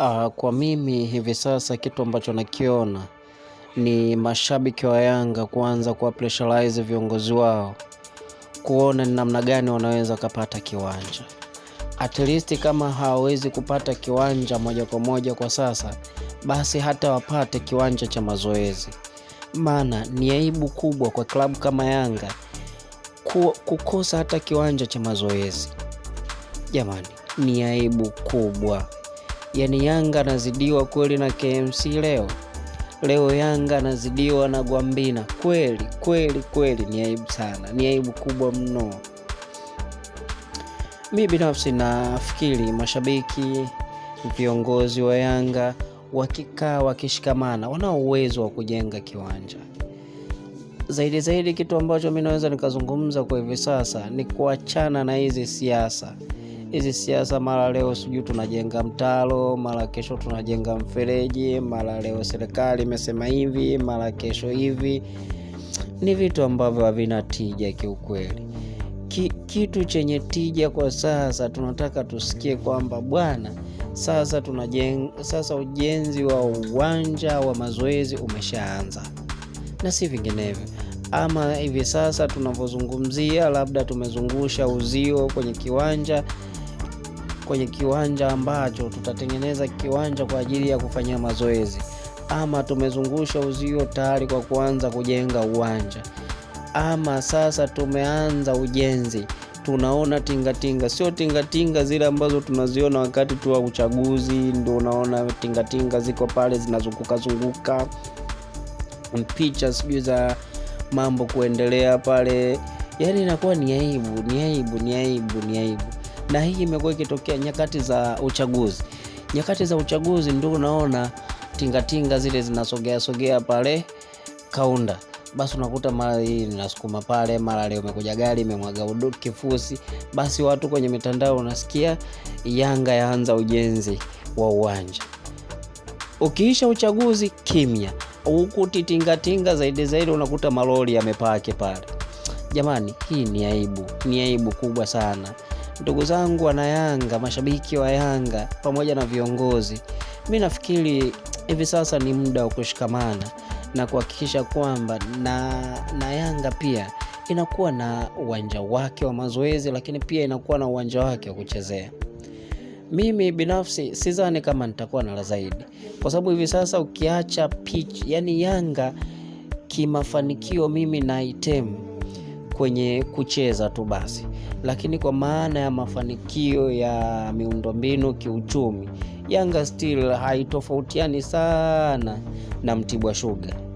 Uh, kwa mimi hivi sasa kitu ambacho nakiona ni mashabiki wa Yanga kuanza kuwa pressurize viongozi wao kuona ni namna gani wanaweza kupata kiwanja. At least kama hawawezi kupata kiwanja moja kwa moja kwa sasa, basi hata wapate kiwanja cha mazoezi, maana ni aibu kubwa kwa klabu kama Yanga kukosa hata kiwanja cha mazoezi. Jamani, ni aibu kubwa. Yani Yanga anazidiwa kweli na KMC leo leo, Yanga anazidiwa na Gwambina kweli kweli kweli. Ni aibu sana, ni aibu kubwa mno. Mi binafsi nafikiri mashabiki, viongozi wa Yanga wakikaa wakishikamana, wanao uwezo wa kujenga kiwanja zaidi zaidi. Kitu ambacho mi naweza nikazungumza kwa hivi sasa ni kuachana na hizi siasa hizi siasa, mara leo sijui tunajenga mtaro, mara kesho tunajenga mfereji, mara leo serikali imesema hivi, mara kesho hivi, ni vitu ambavyo havina tija kiukweli. Ki, kitu chenye tija kwa sasa tunataka tusikie kwamba bwana sasa tunajeng, sasa ujenzi wa uwanja wa mazoezi umeshaanza na si vinginevyo ama hivi sasa tunavyozungumzia, labda tumezungusha uzio kwenye kiwanja kwenye kiwanja ambacho tutatengeneza kiwanja kwa ajili ya kufanyia mazoezi, ama tumezungusha uzio tayari kwa kuanza kujenga uwanja, ama sasa tumeanza ujenzi tunaona tingatinga, sio tingatinga zile ambazo tunaziona wakati tu wa uchaguzi, ndio unaona tingatinga ziko pale zinazunguka zunguka, picha sijui za mambo kuendelea pale, yani inakuwa ni aibu, ni aibu, ni aibu, ni aibu. Na hii imekuwa ikitokea nyakati za uchaguzi. Nyakati za uchaguzi ndio unaona tingatinga zile zinasogea sogea pale kaunda basi unakuta mara hii ninasukuma pale, mara leo imekuja gari imemwaga kifusi. Basi watu kwenye mitandao unasikia Yanga yaanza ujenzi wa uwanja, ukiisha uchaguzi kimya huku titingatinga zaidi zaidi, unakuta malori yamepake pale. Jamani, hii ni aibu, ni aibu kubwa sana ndugu zangu wana Yanga, mashabiki wa Yanga pamoja na viongozi. Mi nafikiri hivi sasa ni muda wa kushikamana na kuhakikisha kwamba na, na Yanga pia inakuwa na uwanja wake wa mazoezi, lakini pia inakuwa na uwanja wake wa kuchezea. Mimi binafsi sizani kama nitakuwa na la zaidi kwa sababu hivi sasa ukiacha pitch, yani Yanga kimafanikio mimi naitem kwenye kucheza tu basi, lakini kwa maana ya mafanikio ya miundombinu kiuchumi, Yanga still haitofautiani sana na Mtibwa Sugar.